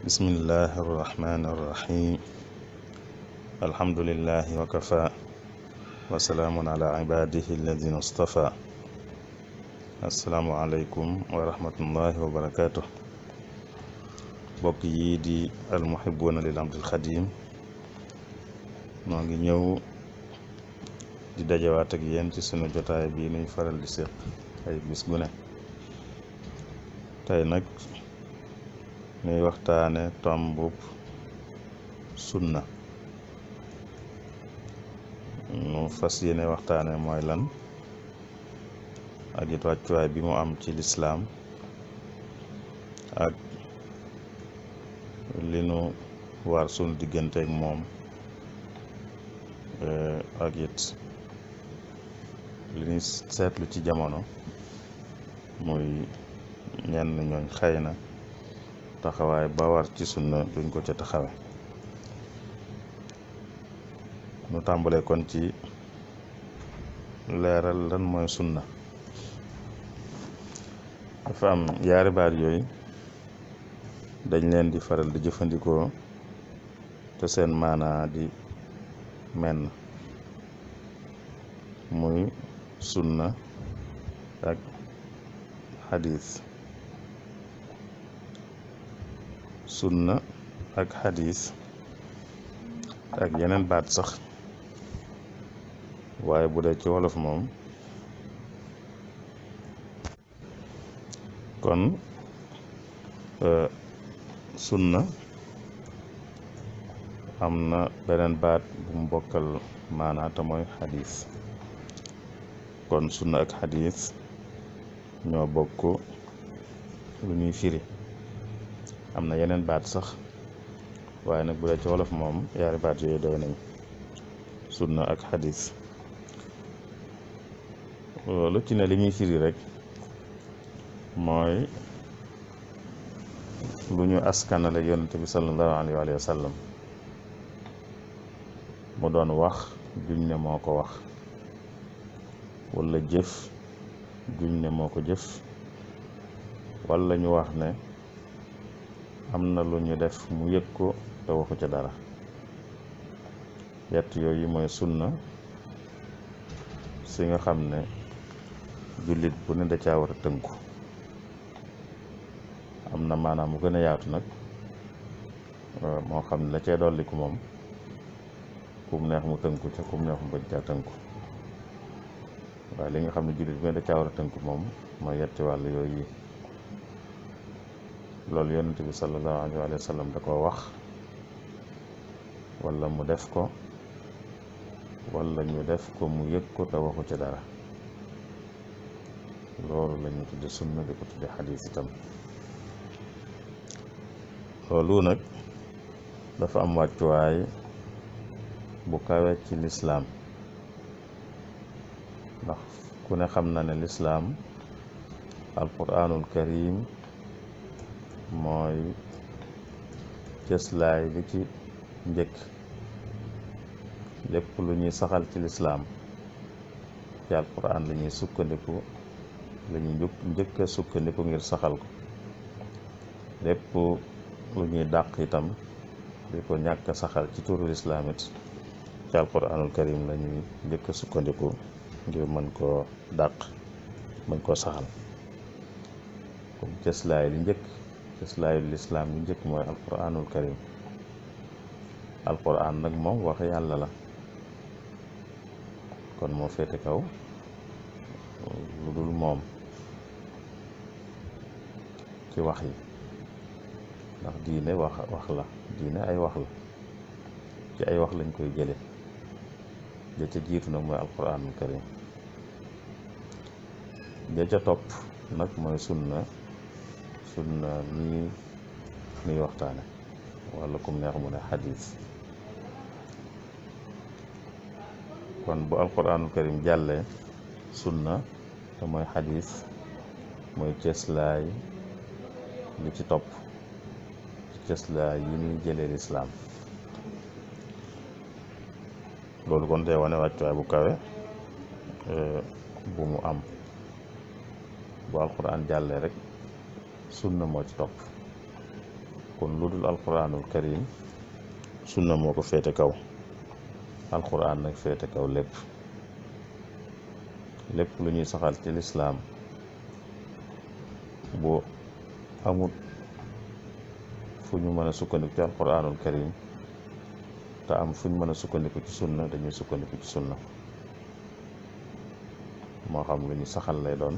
bismillahi arrahmani arrahim alhamdulilahi wakafa wasalaamun ala ibadihi alladina istafa asalaamualeykum wa rahmatullahi wa barakatuh bokk yi di almuhibuuna lil ngi ñëw di dajawaat ak yéen ci sunu jotaay bii nuy faral di séq ay bis ñuy waxtaane tombub sunna ñu fas yéene waxtaane mooy lan ak wàccuwaay bi mu am ci lislaam ak li nu war sunu digganteek moom eh, ak it li ñu seetlu ci jamono muy ñenn ñooñ xëy na taxawaay ba war ci sunna duñ ko ca taxawe nu tàmbale kon ci leeral lan mooy sunna dafa am yaari baat yooyu dañ leen di faral di jëfandikoo te seen maanaa di menn muy sunna ak xadiis sunna ak xadis ak yeneen baat sax waaye bu dee ci wolof moom kon euh, sunna am na beneen baat bu mu bokkal maanaata mooy kon sunna ak xadis ñoo bokk lu ñuy firi am na yeneen baat sax waaye nag bu dee ci wolof moom yaari baat yooyu doy nañ sunna ak xadis lu ci li ñuy firi rek mooy lu ñu askanale yonent bi sallallahu alayhi wa sallam mu doon wax juñ ne moo ko wax walla jëf juñ ne moo ko jëf walla ñu wax ne am na lu ñu def mu yëg ko te waxu ca dara yett yooyu mooy sun na si nga xam ne jullit bu ne da caa war a tënku am na maanaam mu gën a yaatu nag euh, moo xam ne la cee dolliku moom kum neex mu tënku ca kum neex mu bañ caa tënku waaye li nga xam ne jullit bu ne da caa war a tënku moom mooy yetti wàll yooyu loolu yonent bi sallallahu alayhi wa sallam da koo wax wala mu def ko walla ñu def ko mu yëg ko te waxu ci dara loolu la ñu tudde sunna di ko tudde xadiis itam loolu nag dafa am wàccuwaay bu kawee ci lislaam ndax ku ne xam na ne lislaam alquraanul karim mooy cëslaay li ci njëkk lépp lu ñuy saxal ci lislaam ci alquran la ñuy sukkandiku la ñuy njëkk sukkandiku ngir saxal ko lépp lu ñuy dàq itam di ko ñàkk saxal ci turu lislaam it ci alquranul karim la njëkk sukkandiku ngir mën koo dàq mën koo saxal comme cëslaay li njëkk islaayu lislaam bi njëkk mooy alquranul karim alquran nag moom wax yàlla la kon moo feete kaw lu dul moom ci wax yi ndax diine wax wax la diine ay wax la ci ay wax lañ koy jële ja ca jiitu nag mooy alquranul karim ja ca topp nag mooy sunna sunna mii muy waxtaane wala kum neex mu ne xadiis kon bu alquranul karim jàlle sunna te mooy xadiis mooy cëslaay lu ci topp ci cëslaay yi ñuy jëlee lislaam loolu kon tey wane wàccuwaay bu kawe euh, bu mu am bu alquran jàllee rek sunna moo ci topp kon lu dul alquranul karim sunna moo ko feete kaw alquran nag feete kaw lépp lépp lu ñuy saxal ci lislaam bo amut fu ñu mën a sukkandiku ci alquranul karim te am fu ñu mën a sukkandiku ci sunna dañuy sukkandiku ci sunna moo xam lu ñu lay doon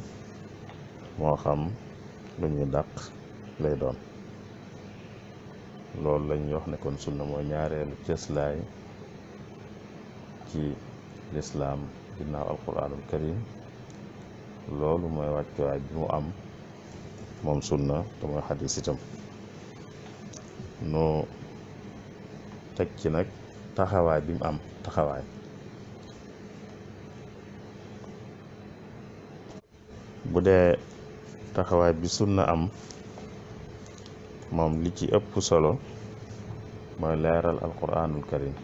moo xam lu ñu dàq lay doon loolu lañ wax nekkoon kon sunna mooy ñaareelu cëslaay ci lislaam ginnaaw alquraanul karim loolu mooy wàccuwaay bi mu am moom sunna te mooy xadis itam nu teg ci nag taxawaay bi am taxawaay bu dee taxawaay bi sunna am moom li ci ëpp solo mooy leeral alquranul karim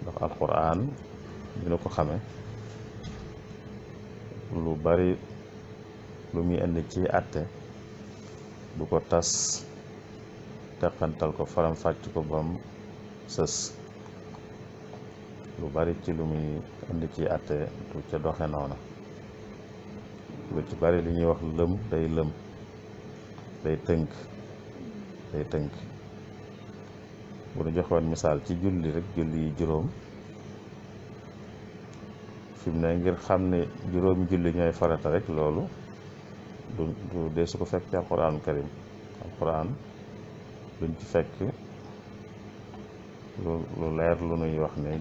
ndax alquran dina ko xame lu bari lu muy indi ci àtte du ko tas teqantal ko faram fàcc ko bam sës lu bari ci lu muy indi ci àtte du ca doxe noona lu ci bari li ñuy wax lëm day lëm day tënk day tënk bu ñu joxoon misaal ci julli rek julli yi juróom fi mu ne ngir xam ne juróomi julli ñooy farata rek loolu du du dee su ko fekk ci alquran karim alquran duñ ci fekk lu lu leer lu nuy wax ne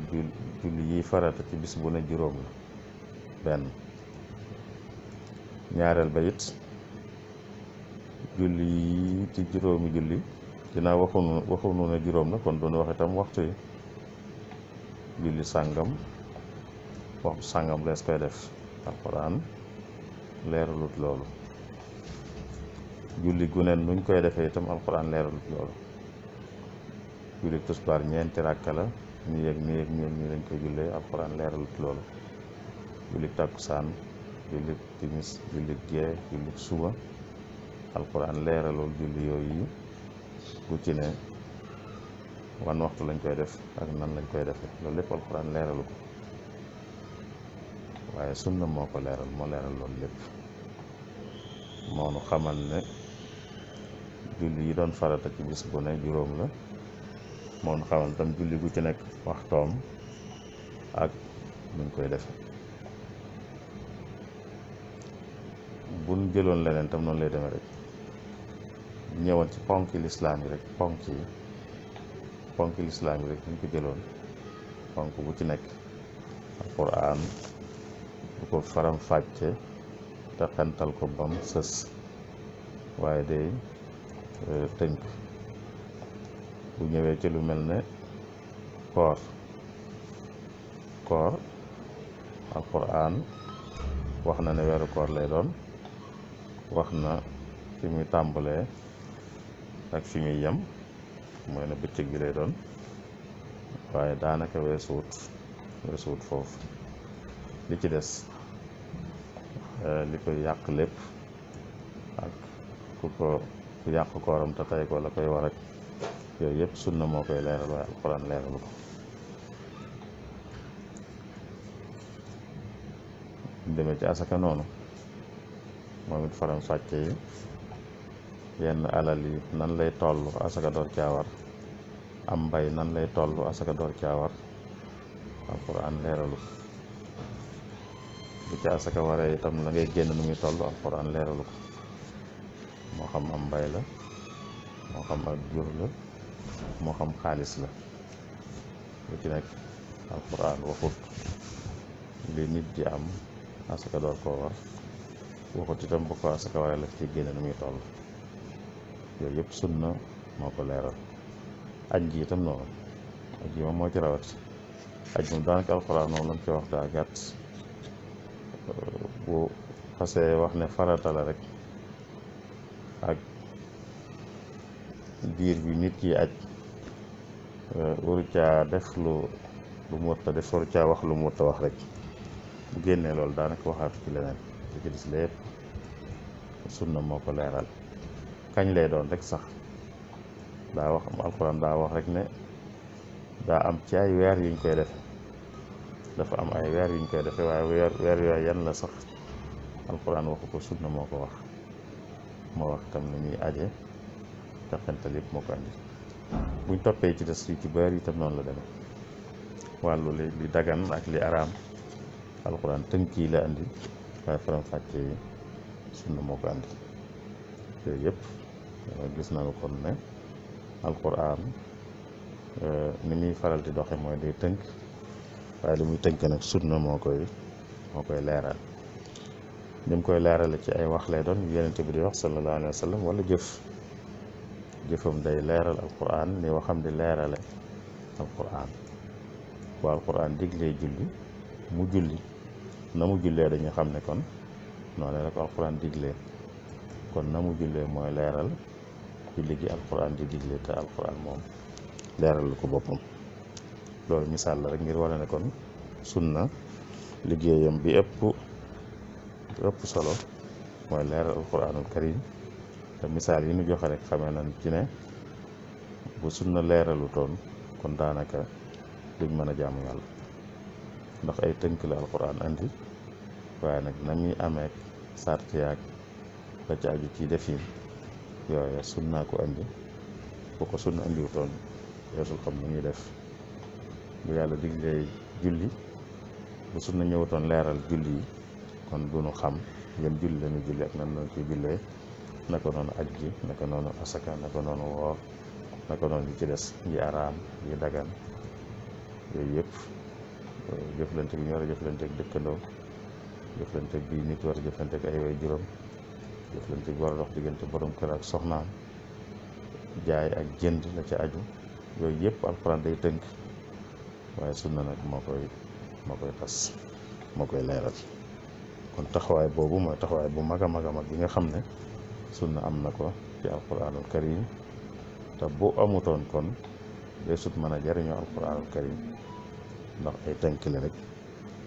julli yi farata ci bis bu ne juróom la benn ñaareel ba yit julli ci juroomi julli dinaa waxunu waxunu ne juroom na kon doon waxe tam waxtu julli sangam wax sangam les koy def alquran leralut lolu julli gunen nuñ koy defé tam alquran leralut lolu julli tusbaar ñeenti ràkka la nii yek nii yek lañ koy julle alquran leralut lolu julli takusan jullit timis jullit gee jullit suba alquran leeralool julli yooyu yi bu ci ne wan waxtu lañ koy def ak nan lañ koy defee loolu lépp alquran leeralu ko waaye sunna moo ko leeral moo leeral loolu lépp moonu xamal ne julli yi doon farata ci bis bu ne juróom la moonu xamal tam julli gu ci nekk waxtoom ak nuñ koy defe jëloon leneen tam noonu lay demee rek ñëwoon ci ponki lislaam yi rek ponk yi ponki lislaam yi rek buñ ko jëloon ponk bu ci nekk alquran bu ko faram fàcce te ko bam sës waaye day e, tënk bu ñëwee ci lu mel ne koor koor alquran wax na ne weeru koor lay doon wax na fi mu tàmbalee ak fi muy yem mooy ne bëccëg bi lay doon waaye daanaka weesuwut weesuwut foofu li ci des eh, li koy yàq lépp ak ku ko yàq kooram te tey ko la koy war ak yooyu yëpp sunna moo koy leeral waaye alxuraan leeralu ko deme ci asaka noonu momit it faram fàcce yi yenn alal yi nan lay toll asaka door caawar am bay nan lay toll asaka door caawar alquran leralu ko ci asaka waré itam la ngay genn nu ngi toll alquran leralu ko moo xam am bay la mo xam ak jur la mo xam khalis la lu ci nek alquran waxut li nit di am asaka door ko war waxut itam bu ko asaka waaye la ci génne nu muy toll yooyu yëpp sunna moo ko leeral aj ji moom moo ci rawat aj moom daanaka lañ ci wax daa gàtt bu xasee wax ne farata la rek ak diir bi nit ki aj waru caa def lu lu mu war def waru caa wax lu mu war wax rek bu génnee loolu daanaka waxaatu ci leneen li ci sunna moo ko leeral kañ lay doon rek sax daa wax alxuraan daa wax rek ne daa am ci ay weer yuñ koy def dafa am ay weer yuñ koy defe waaye weer weer yooyu yan la sax alxuraan waxu ko sunna moo ko wax moo wax tam ni ñuy aje teqantal yëpp moo ko andi buñ toppee ci des yu ci bari tam noonu la demee wàllu li li dagan ak li araam alxuraan tënk yi la andi waaye faram fàcce sunna moo ko andi yooyu yëpp gis nañu kon ne alquran ni muy faral di doxe mooy day tënk waaye li muy tënk nag sunna moo koy moo koy leeral ni mu koy leerale ci ay wax lay doon yonent bi di wax sallallahu alayhi wa sallam wala jëf jëfam day leeral alquran ni waxam di leerale alquran waa alquran diglee julli mu julli Namu julle dañu xamne kon non la alquran diglé kon namu julle moy mooy leeral julli gi alquran di diglé ta alquran mom leeral ko bopam lolou misal la rek ngir wane ne kon sunna liggéeyam bi ëpp ëpp solo moy leeral alquranul karim da misal yi ñu joxe rek xamé nañ ci ne bu sunna leeralu ton kon danaka duñ mëna jamm yalla ndax ay tënk la alquran andi waaye nag na muy amee sart yaag la ci aju ci defin yooyu naa ko andi bu ko sunna andiwutoon yeesul xam ni ñuy def yàlla diglee julli bu sunna ñëwutoon leeral julli yi kon du nu xam yéen julli la ñuy julli ak nan la ciy jullee naka noonu aj gi naka noonu asaka naka noonu woor naka noonu ci des yi araam yi dagan yooyu yëpp. jëflante gi ñu war a jëflante ak dëkkandoo jëflante bi nit war a jëflante ak ay way juróom jëflante bi war a dox diggante borom kër ak soxnaam jaay ak jënd la ca aju yooyu yëpp alxuraan day tënk waaye na nag moo koy moo koy tas moo koy leeral kon taxawaay boobu mooy taxawaay bu mag a mag a mag bi nga xam ne na am na ko ci alxuraanul karim te bu amutoon kon dee sut mën a jariñoo alxuraanul karim ndax ay tënk la rek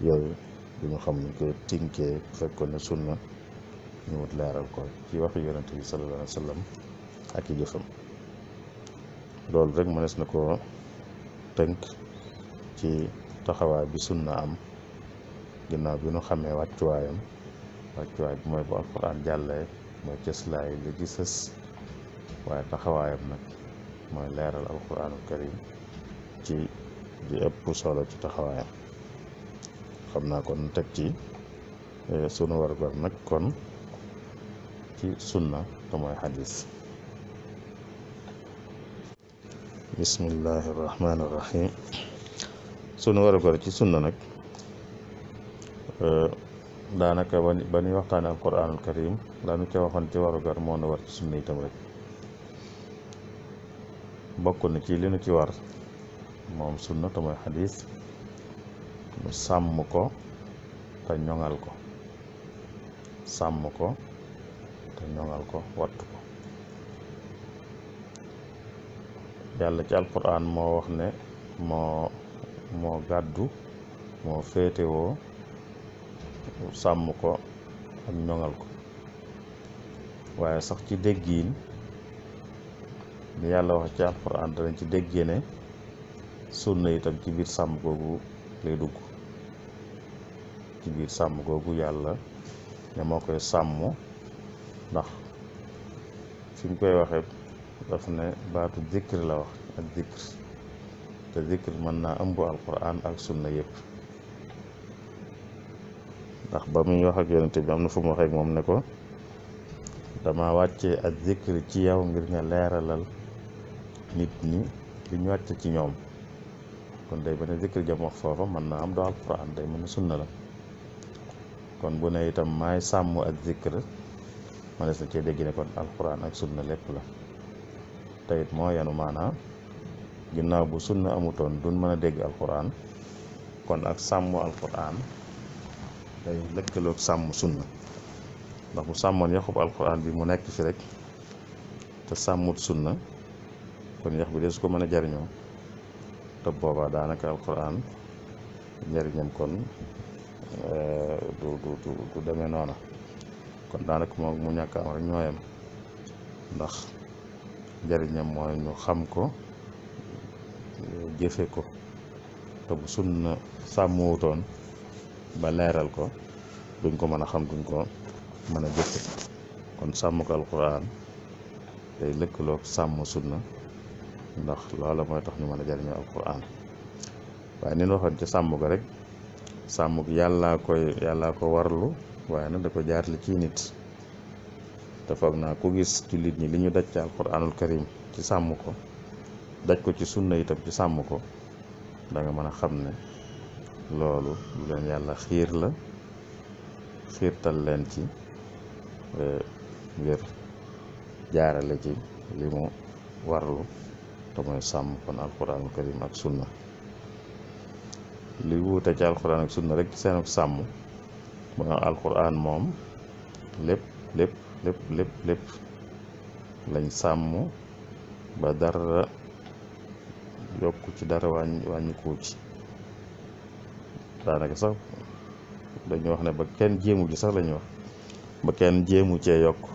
yooyu du ñu xam ñu koy tinkee bu fekkoon ne sunna ñu wut leeral ko ci waxu yonent bi sallallahu alayhi wa sallam na koo tënk ci taxawaay bi sunna ginnaaw bi ñu xamee wàccuwaayam wàccuwaay bi mooy bu alquran jàllee mooy waaye taxawaayam nag mooy leeral alquranul karim ci di ëpp solo ci taxawaayam xam naa kon teg ci eh, sunu wargar nag kon ci sunna te mooy xadis bismillahi irrahmani irrahim sunu wargar ci sunna nag eh, daanaka ba nuy waxtaane alquranul karim daanu ca waxoon ci warugar moo na war ci sunna itam rek bokk na ci li ci war mom sunna to moy hadith mu sam ko ta ñongal ko sam ko ta ñongal ko wat ko yalla ci alquran mo wax ne mo gaddu mo fete wo sam ko ak ñongal ko waye sax ci deggine ni yalla wax ci alquran dañ ci deggene sunna itam ci biir sàmm googu lay dugg ci biir sàmm googu yàlla ne moo koy sàmm ndax fi mu koy waxee daf ne baatu zikr la wax ak zikr te zikr mën naa ëmb alquran ak sunna yëpp ndax ba muy wax ak yonente bi am na fu mu waxee moom ne ko dama wàcce ak zikr ci yow ngir nga leeralal nit ñi li wàcce ci ñoom kon day ba ne zikr jam wax foofa mën naa am du alquran day mën a sunna la kon bu ne itam maay sàmm ak zikr manes na cee dégg ne kon alquran ak sunna lépp la tayit moo yanu maanaa ginnaaw bu sunna amutoon duñ mën a dégg alquran kon ak sàmm alquran day lëkkaloog sàmm sunna ndax bu sàmmoon yaxub alquran bi mu nekk ci rek te sàmmut sunna kon yax bi de su ko mën a jariñoo te boobaa daanaka alquran njëriñam kon eh, du du du noona kon daanaka moom mu ñàkk am rek ñooyam ndax njëriñam mooy ñu xam ko jëfe ko te bu sunna sàmmuwutoon ba leeral ko duñ ko mën a xam duñ ko mën a jëfe kon sàmm ko alquran day lëkkaloog sàmm sunna ndax loola mooy tax ñu mën a jariñoo alquran waaye ni ñu waxoon sàmm ko rek sàmm gi yàllaa koy yàllaa ko warlu waaye nag da ko jaarale ci nit te naa ku gis jullit ñi li ñu daj ci alquranul ci sàmm ko daj ko ci sunna itam ci sàmm ko danga mën a xam ne loolu lu leen yàlla xiir la xiirtal leen ci eh, ngir jaarale ci li mu warlu mooy samu kon alquran karim ak sunna li wuute ci alquran ak sunna rek seen ak sam mo alquran mom lepp lepp lepp lepp lepp lañ sam ba dar yokku ci dara wañ ko ci daanaka sax dañu wax ne ba kenn jému ci sax lañu wax ba kenn jému ci yokku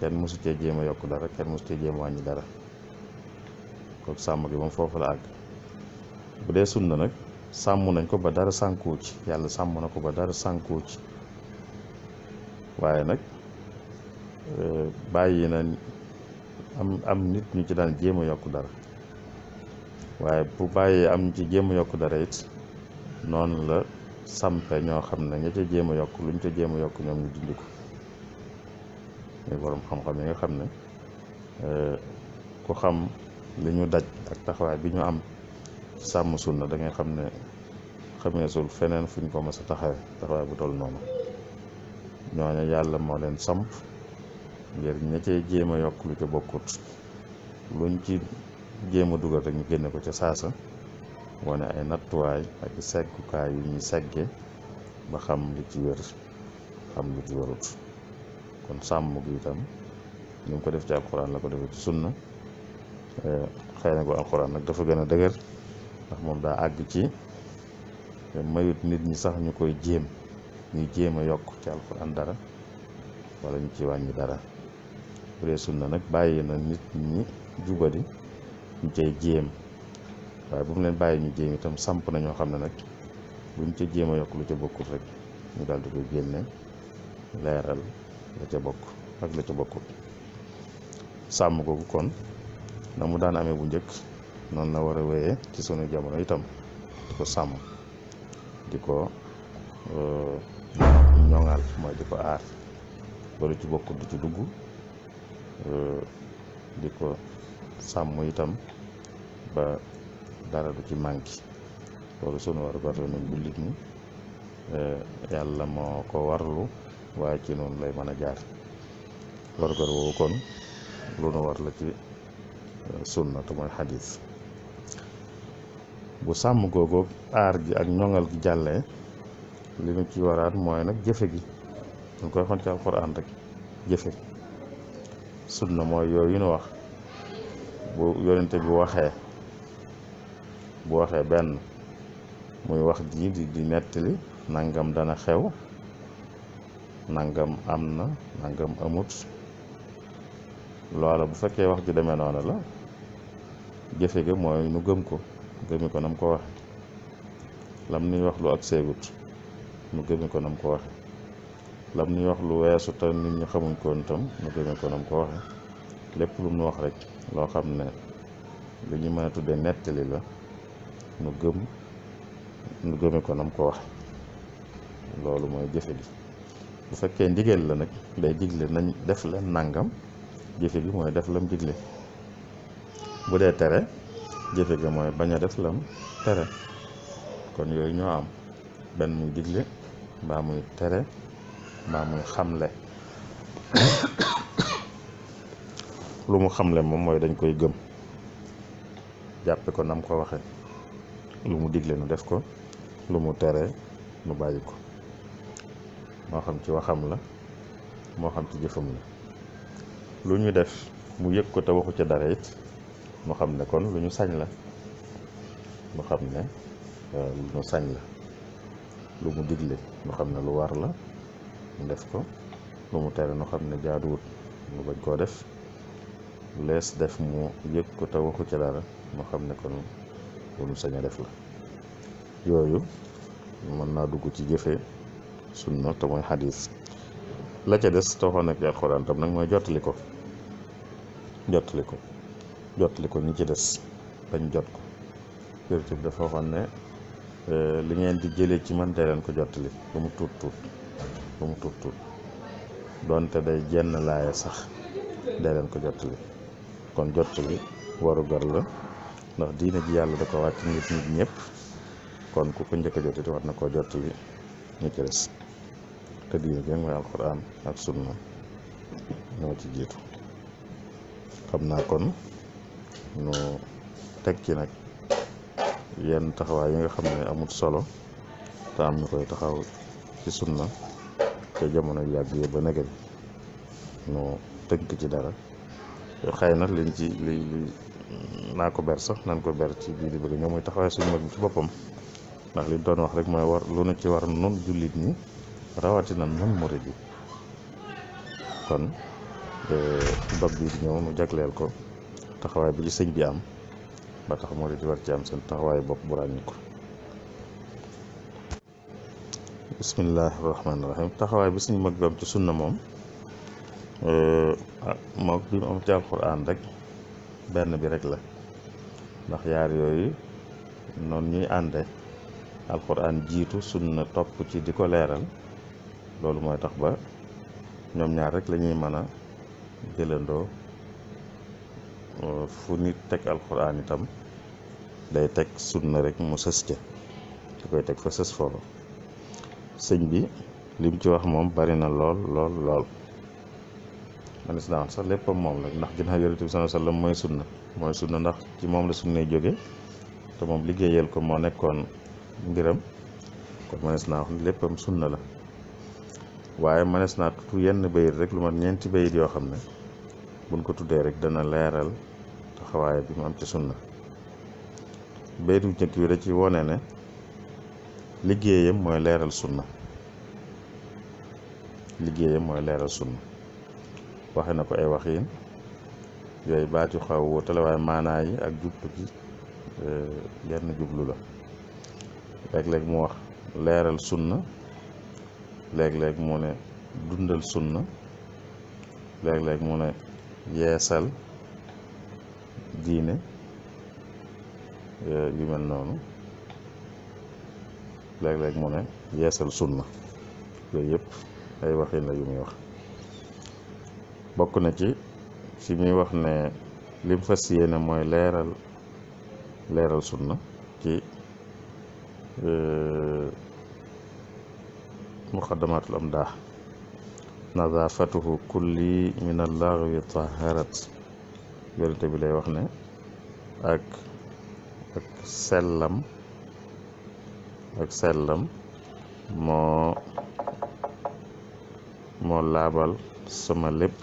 kenn musu ci jému yokku dara kenn musu ci jému dara kooku sàmm gi moom foofu la àgg bu dee sunna nag sàmm nañ ko ba dara sànkoo ci yàlla sàmm na ko ba dara sànkoo ci waaye nag eh, bàyyi na am am nit ñu ci daan jéem a yokk dara waaye bu bàyyee am ci jéem a yokk dara it noonu la sampe ñoo xam ne ña ca jéem a yokk luñ ca jéem a yokk ñoom ñu dindi ko muy borom xam-xam yi nga xam ne eh, ku xam li ñu daj ak taxawaay bi ñu am sàmm sunna da ngay xam ne xameesul feneen fu ñu ko mës a taxawee taxawaay bu toll noonu ñooñu yàlla moo leen samp ngir ña cee jéem a yokk lu ca bokkut luñ ci jéem a dugal rek ñu génne ko ca saasa wane ay nattuwaay ak seggukaay yu ñuy segge ba xam li ci wér xam li ci wérut kon sàmm gi itam ni mu ko def ci alxuraan la ko defee ci sunna Eh, xëy na bu alxuraan nag dafa gën a dëgër ndax moom daa àgg ci mayut nit ñi sax ñu koy jéem ñuy jéem a yokk ci alxuraan dara walla ñu ci wàññi dara bu na nag bàyyi na nit ñi jubadi ñu cay jéem waaye bu mu leen bàyyi ñu jéem itam samp na ñoo xam ne nag buñ ca jéem a yokk lu ca bokkul rek ñu daal di koy génne leeral la ca bokk ak la ca bokkul sàmm googu kon na mu daan amee bu njëkk noonu la war a wéyee ci sunu jamono itam di ko sàmm di ko euh, ñoŋal mooy di ko aar loolu ci bokk du ci dugg euh, di ko sàmm itam ba dara du ci manqué loolu sunu war a la nun jullit ñi euh, yàlla moo ko warlu waaye ci noonu lay mën a jaar wargar woowu kon lu nu war ci sunna te mooy xadis bu sàmm googu aar ji ak ñoŋal gi jàllee li ñu ci waraat mooy nag jëfe gi ñu koy xon ci alxuraan rek jëfe na mooy yooyu ñu wax bu yonente bi waxee bu waxee benn muy wax ji di di nettali nangam dana xew nangam am na nangam amut loola bu fekkee wax ji demee noonu la jëfe ga mooy nu gëm ko gëmi ko nam ko waxe lam nuy wax lu ak seegut nu gëmi ko nam ko waxe lam nuy wax lu weesu te nit ñi xamuñ koon tam nu gëmi ko nam ko waxe lépp lu mu wax rek loo xam ne li ñu mën a tudde nettali la nu gëm nu gëme ko nam ko wax loolu mooy jëfe gi bu fekkee ndigal la nag day digle nañ def leen nangam jëfe gi mooy def lam jigle bu dee tere jëfe ga mooy bañ a def lam tere kon yooyu ñoo am benn muy digle mbaa muy tere mbaa muy xamle lu mu xamle moom mooy dañ koy gëm jàppe ko nam ko waxe lu mu digle nu def ko lu mu tere nu bàyyi ko moo xam ci waxam la moo xam ci jëfam la lu ñu def mu yëg ko te waxu ca dara it mu xam ne kon lu ñu sañ la mu xam ne euh, lu ñu sañ la lu mu digle nu xam ne lu war la ñu def ko lu mu tere nu xam ne jaaduwut mu bañ koo def lees def mu yëg ko te waxu ci dara nu xam ne kon lu ñu sañ def la yooyu mën naa dugg ci jëfe sunna te mooy xadis la ca des toxoon ak ci alxuraan tam nag mooy jottali ko jottali ko jotli ko ñi ci des bañ jot ko yonent bi dafa waxoon ne euh, li ngeen di jëlee ci man dee leen ko jotali ba mu tuut tuut ba mu tuut tuut doonte day jenn laaya sax dee ko jotali kon jotali warugar la ndax diina ji yàlla da ko wàcc nit nit ñëpp kon ku njëkk a jotali war na koo jotali ñi ci des te diina ji mooy alquran ak sunna ñoo ci jiitu xam naa kon ñu teg ci nag yenn taxawaay yi nga xam ne amut solo te am ñu koy taxaw ci sunna te jamono yàgg yi ba nekk ñu tënk ci dara xëy na leen ci li li naa ko ber sax nan ko ber ci biir bi nga muy taxawaay suñu mag ci boppam ndax li doon wax rek mooy war lu nu ci war nun jullit ñi rawatina nun murid yi kon eh, bab bii ñëw mu jagleel ko taxaway bi ci sëñ bi am ba tax mo di war ci am sen taxaway bop bu ràññiku bismillaahi rahmaani rahiim bi suñu mag eh, bi am ci sunna euh mag bi am ci alquran rek ben bi rek la ndax yar yoy non ñuy alquran jitu sunna top ci di leral leeral moy tax ba ñom ñaar rek lañuy mëna fu nit teg alxuraan itam day teg sunna rek mu sës ca da koy teg fa sës foofu sëñ bi lim ci wax moom bari na lool lool lool manis daan sax léppam moom la ndax ginnaaw yonent bi sallallahu alayhi wasallam mooy sunna mooy sunna ndax ci moom la sunnay jóge te moom liggéeyal ko moo nekkoon mbiram kon manes naa wax ni léppam sunna la waaye manes naa tudd yenn bayit rek lu mat ñeenti bayit yoo xam ne buñ ko tuddee rek dana leeral taxawaay bi mu am ci sunna baytu njëkk bi da ci wone ne liggéeyam mooy leeral sunna liggéeyam mooy leeral sunna waxe na ko ay waxiin yooyu baat yu xaw wóotale waaye maanaa yi ak jubtu gi e, yenn jublu la léeg-léeg mu wax leeral sunna léeg-léeg mu ne dundal sunna léeg-léeg mu ne yeesal diine yu mel noonu léeg-léeg mu ne yeesal sunna yooyu yëpp ay waxin la yu muy wax bokk na ci ci muy wax ne lim fas yéene mooy leeral leeral sunna ci muqaddamatul am daax nadaafatuhu kulli min allaghwi taharat yonent bi lay wax ne ak ak sellam ak sellam moo moo laabal sama lépp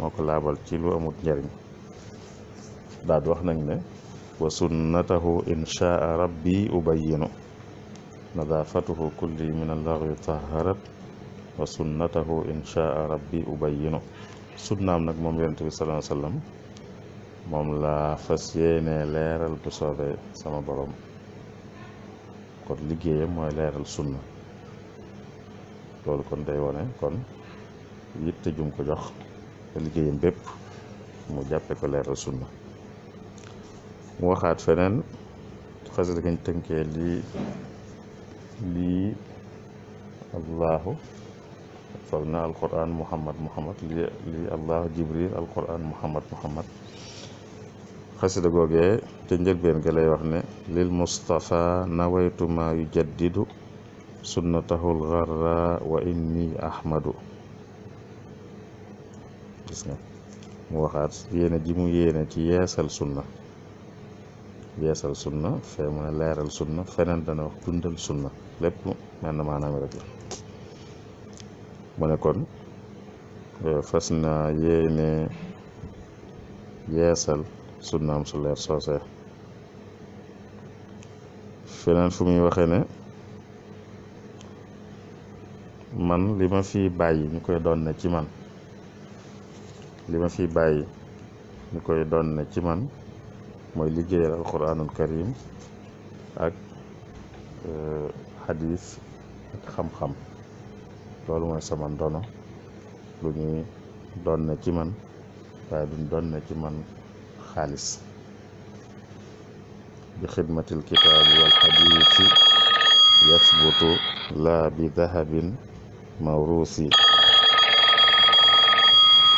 moo ko laabal ci lu amut njariñ daal wax nañ ne wa sunnatahu inchaa rabbi ubayinu nadaafatuhu kulli min allaxwi taharat wa sunnatahu inchaa rabbi ubayinu sunnaam nag moom yonent bi salaa moom laa fas yéene leeral bu soobee sama boroom kon liggéeyam mooy leeral sunna loolu kon day wone kon yitte jum ko jox liggéeyam bépp mu jàppe ko leeral sunna mu waxaat feneen xasida gañ tënkee lii lii allahu foog na alquran muhammad muhammad lii lii allahu jibril alquran muhammad muhammad xasida googee ca njëlbeen ga lay wax ne lil mustafa nawaytuma yu jaddidu sunnatahul gharra wa inni ahmadu gis nga mu waxaat yéene ji mu yéene ci yeesal sunna yeesal sunna feneen dana wax dundal sunna lépp mel na maanaam rek la mu ne kon eh, fas naa yéene yeesal sunnaam su leer soosee feneen fu muy waxee ne man lima ma bàyyi ñu koy doon ne ci man li ma bàyyi ñu koy doon ne ci man mooy liggéeyal alquranul karim ak euh, xadis ak xam-xam loolu mooy sama ndono lu ñuy doon ne ci man waaye duñ doon ne ci man خالص بخدمة الكتاب والحديث يثبت لا بذهب موروث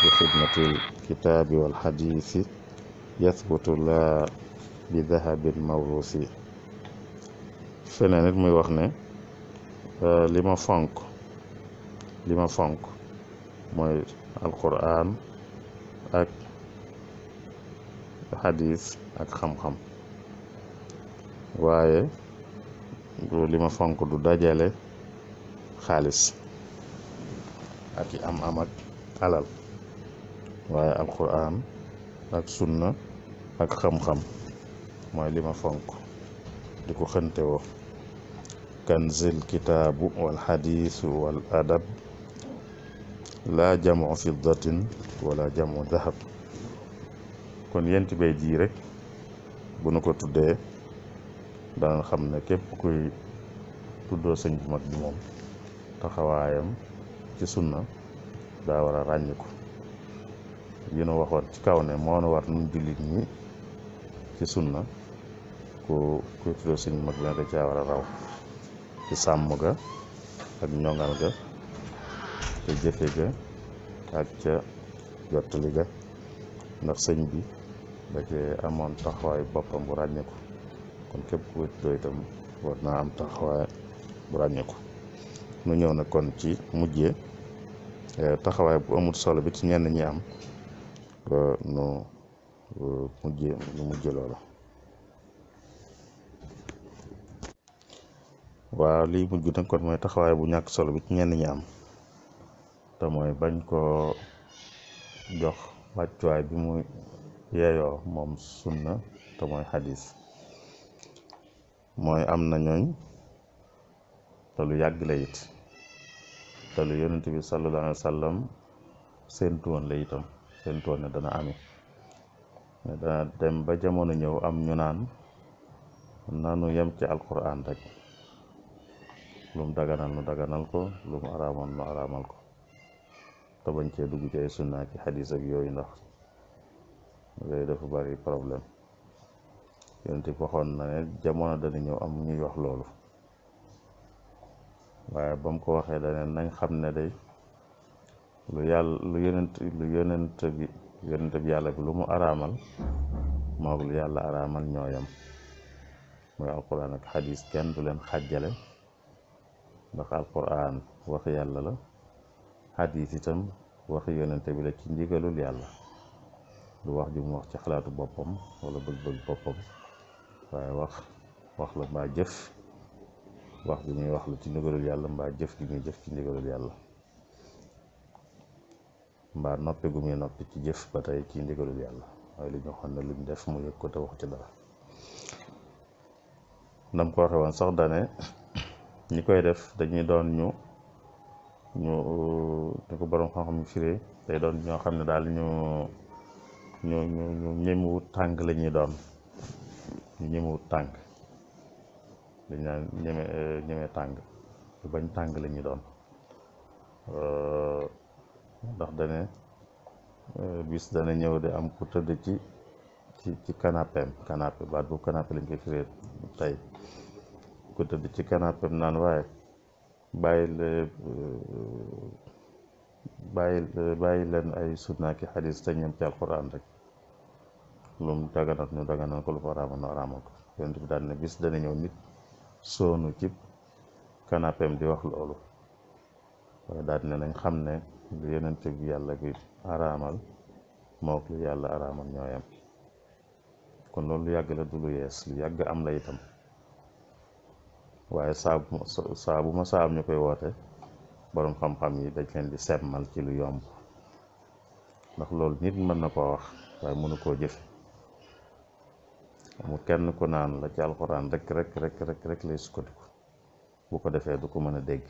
بخدمة الكتاب والحديث يثبت لا بذهب موروث feneen it muy لما فانك لما فانك fonk القران اك xadis ak xam-xam waaye du li ma du dajale xaalis ak i am am ak alal waaye alquran ak sunna ak xam-xam mooy li ma fonk di ko xënte woo kanzil kitaabu wal xadiisu wal adab la jamu fiddatin wala jamu dahab kon yent ti ji rek bu nu ko tuddee dana xam ne képp kuy tuddoo sëñ bu mag bi kawa ayam ci sunna da wara a ràññiku yi nu waxoon ci kawne ne nu war nun jullit ni ci sunna ko ko tuddoo sëñ bu mag bi da caa wara raw ci moga, ga ak ñoŋal ga te jëfe ga ak ca jottali ga ndax bi da cee amoon taxawaay boppam bu ràññeeku kon képp ku wét doo itam war naa am taxawaay bu ràññeeku nu ñëw na kon ci mujjee eh, taxawaay bu amul solo bi ci ñenn ñi am nu mujjee waaw lii mujj nag kon mooy taxawaay bu ñàkk solo bi ci ñenn ñi am te mooy bañ koo jox wàccuwaay bi muy yeeyoo moom sunna te mooy xadis mooy am na ñooñ te lu yàgg la it te lu yonent bi sallallahu alayhi wa sallam seentu woon la itam seentu woon ne dana ami dana dem ba jamono ñëw am ñu naan nanu yem ci alquran rek lu mu daganal nu daganal ko lu mu ko te bañ cee dugg ci ay sunna ci xadis yooyu ndax yooyu dafa bari problème yonent bi na ne jamono dana ñëw am ñuy wax loolu waaye ba mu ko waxee dane nañ xam ne day lu yàlla lu yonent lu yonent bi yàlla bi lu mu araamal moog lu yàlla araamal ñooyam mooy alquran ak xadis kenn du leen xàjjale ndax alquran waxi yàlla la xadis itam waxi yonent bi la ci ndigalul yàlla lu wax ju mu wax ci xalaatu boppam wala bëgg-bëgg boppam waaye wax wax la mbaa jëf wax ju muy wax la ci ndigalul yàlla mbaa jëf ju muy jëf ci ndigalul yàlla mbaa noppi gu muy noppi ci jëf ba tey ci ndigalul yàlla waaye li ñu xam ne luñ def mu yëg ko te wax ci dara nam ko waxe woon sax dane ñi koy def dañuy doon ñu ñu ni ko boroom xam-xam firee day doon ñoo xam ne daal ñu ñu ñu ñu ñemewut tàng la doon ñu ñemewut tàng dañ naan ñeme euh, ñeme tàng ñu bañ tàng la ñuy doon euh, ndax dane euh, bis dana ñëw di am ku tëdd ci ci ci canapém canapé baat bu canapé lañ koy firee tey ku tëdd ci canapém naan waaye bàyyil bàyyil bàyyi leen ay sunna ki xadis te ñem ci alquran rek lu mu daganal nu daganal ko lu ko araamal nu araamal ko yonent bi daal bis dana ñëw nit soonu ci kanapem di wax loolu waaye daal nañ xam ne lu yonent bi yàlla bi araamal mook lu yàlla araamal ñooyam kon loolu lu yàgg la du lu yees lu yàgg am la itam waaye saa bu ma saa am ñu koy woote boroom xam-xam yi dañ leen di semmal ci lu yomb ndax loolu nit mën na koo wax waaye mënu koo jëfe mu kenn ku naan la ci alxuraan rek rek rek rek rek lay sukkandiku bu ko defee du ko mën a dégg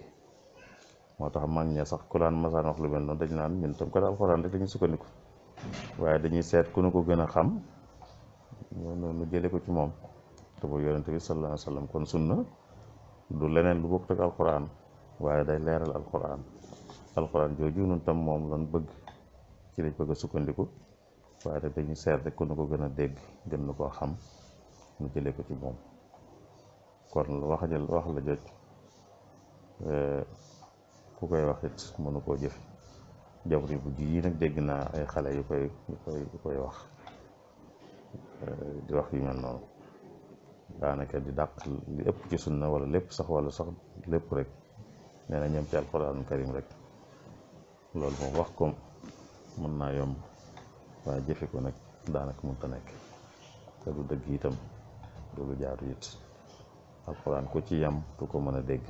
moo tax mag ña sax ku daan masaan wax lu mel dañu naan ñun tam kat alxuraan rek la ñuy sukkandiku waaye dañuy seet ku nu ko gën a xam noonu jële ko ci moom te bu yonent bi sallallahu alayhi wa sallam kon sunna du leneen lu bokkut ak alxuraan waaye day leeral alxuraan alxuraan jooju nun tam moom lan bëgg ci lañ bëgg a sukkandiku waaye dañuy seet rek ku nu ko gën a dégg gën na koo xam ñu jëlee ko ci moom kon wax wax la jot eh, ku koy wax it mënu koo jëfe jabri bu ji yi nag dégg naa ay xale yu koy yu koy wax eh, di wax yu mel noonu daanaka di dàq li ëpp ci sunna wala lépp sax wala sax lépp rek nee na ñoom ci alxuraanu karim rek loolu moom wax ko mën naa yomb waaye jëfe ko nag daanaka mënta nekk te du dëgg itam du jaatu jaadu it alxuraan ko ci yam du ko mën a dégg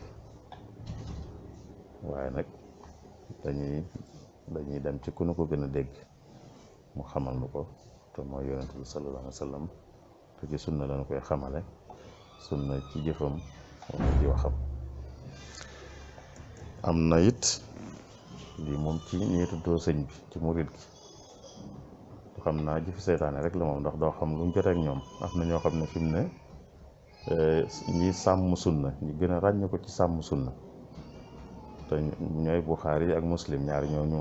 waaye nag dañuy dem ci ku nu ko gën a dégg mu xamal nu ko te mooy yonent bi sallallahu alayhi te ci sunna lañu koy xamale sunna ci jëfam wala ci waxam am na it lii moom ci ñi tuddoo sëñ bi ci murit gi xam naa jëfi seytaane rek la moom ndax doo xam lu mu jotee ñoom am na ñoo xam ne fi mu ne eh, ñi sàmm sunna ñi gën a ràññee ko ci sàmm sunna te ñooy buxaari yi ak muslim ñaari ñoo ñu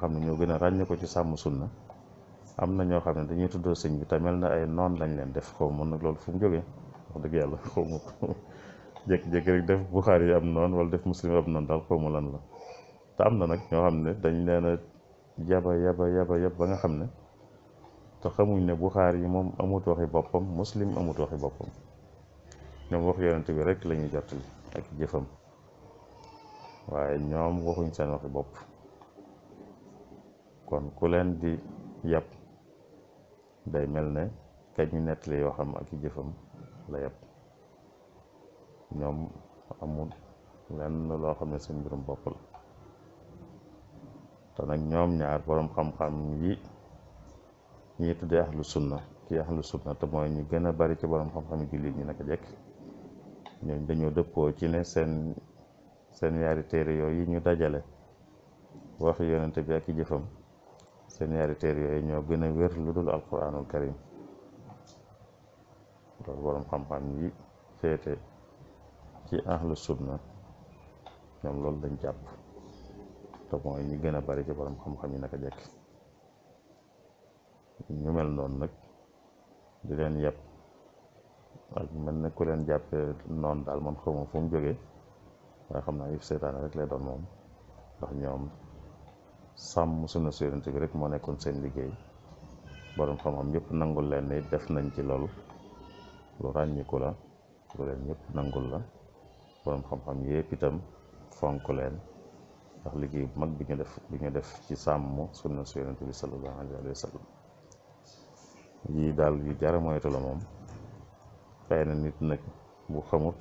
xam ne ñoo gën a ràññee ko ci sàmm sunna am na ñoo xam ne dañuy tuddoo sëñ bi te mel na ay noon lañ leen def xaw ma nag loolu fu mu jógee wax dëgg yàlla xaw ma ko jékki-jékki rek def buxaari yi am noon wala def muslim am noon daal xaw lan la te am na nag ñoo xam ne dañ leen yaba yaba yaba yëpp ba nga xam ne te xamuñ ne buxaar yi moom amut waxi boppam muslim amut waxi boppam ñoom wax yonent rek la ñuy jottali ak waaye ñoom waxuñ seen waxi bopp kon ku leen di yàpp day mel ne kañ ñu nettali yoo xam ak jëfam la yàpp ñoom amul lenn loo xam ne seen mbirum bopp la te nag ñoom ñaar borom xam-xam yi ñi tuddee ahlu sunna kii ahlu sunna te mooy ñu gën a bari ci borom xam-xam jullit ñi naka jekk ñooñ dañoo dëppoo ci ne seen seen yaari téere yooyu ñu dajale wax yonent bi ak i jëfam seen yaari yooyu ñoo gën a wér lu dul alquranul karim loolu borom xam-xam yi féete ci ahlu sunna ñoom loolu lañ jàpp te mooy ñu gën a bari ci borom xam-xam yi naka jekk ñu mel noon nag di leen yàpp ak mel na ku leen jàppe noonu daal man xawma fu mu jógee waaye xam naa yëf seytaane rek lay doon moom ndax ñoom sàmm sunna suyante bi rek moo nekkoon seen liggéey borom xam-xam yëpp nangul leen ni nañ ci loolu lu ràññiku la lu leen ñëpp nangul la borom xam-xam yëpp itam fonk leen ndax liggéey bu mag bi ñu def bi ñu def ci sàmm sunna su yonente bi sallallahu alayhi wa sallam yii daal yu jara la moom xëy na nit nag bu xamut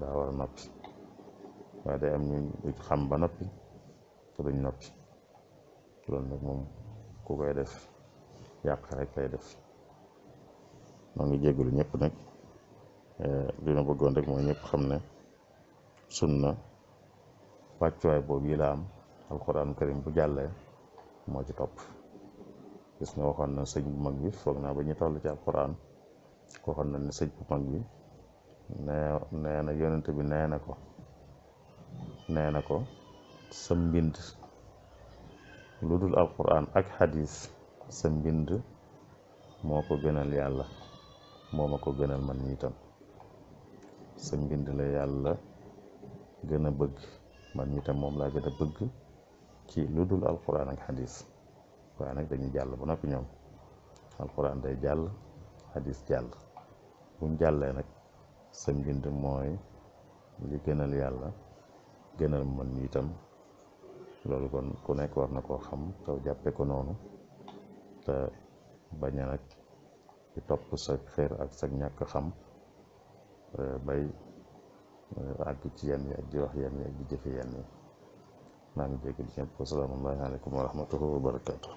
daa war a noppi waaye day am xam ba noppi te duñ noppi loolu nag ku koy def yàq rek lay def moo ngi jégalu ñépp nag eh, li ma bëggoon rek mooy ñëpp xam ne sunna wàccuwaay boobu yi la am alxuraanu karim bu jàllee moo ci topp gis nga waxoon na sëj bu mag bi foog naa ba ñu toll ci alxuraan waxoon na ne sëñ bu mag bi nee nee na yonent bi nee na ko nee na ko sa mbind lu dul alxuraan ak xadis sa mbind moo ko gënal yàlla moo ma ko gënal man ñi itam sa mbind la yàlla gën a bëgg man ñi moom laa gën a bëgg ci lu dul alquran ak xadis waaye nag dañuy jàll ba noppi ñoom alquran day jàll xadis jàll bu jàllee nag sa mbind mooy li gënal yàlla gënal man ñi loolu kon ku nekk war na koo xam taw jàppe ko noonu te bañ nag di topp sa xeer ak sa ñàkk xam eh, bay mën a àgg ci yenn ak di wax yenn ak di jëfe yenn maa ngi jégalu ñëpp wasalaamaaleykum wa rahmatullahi wa barakaatu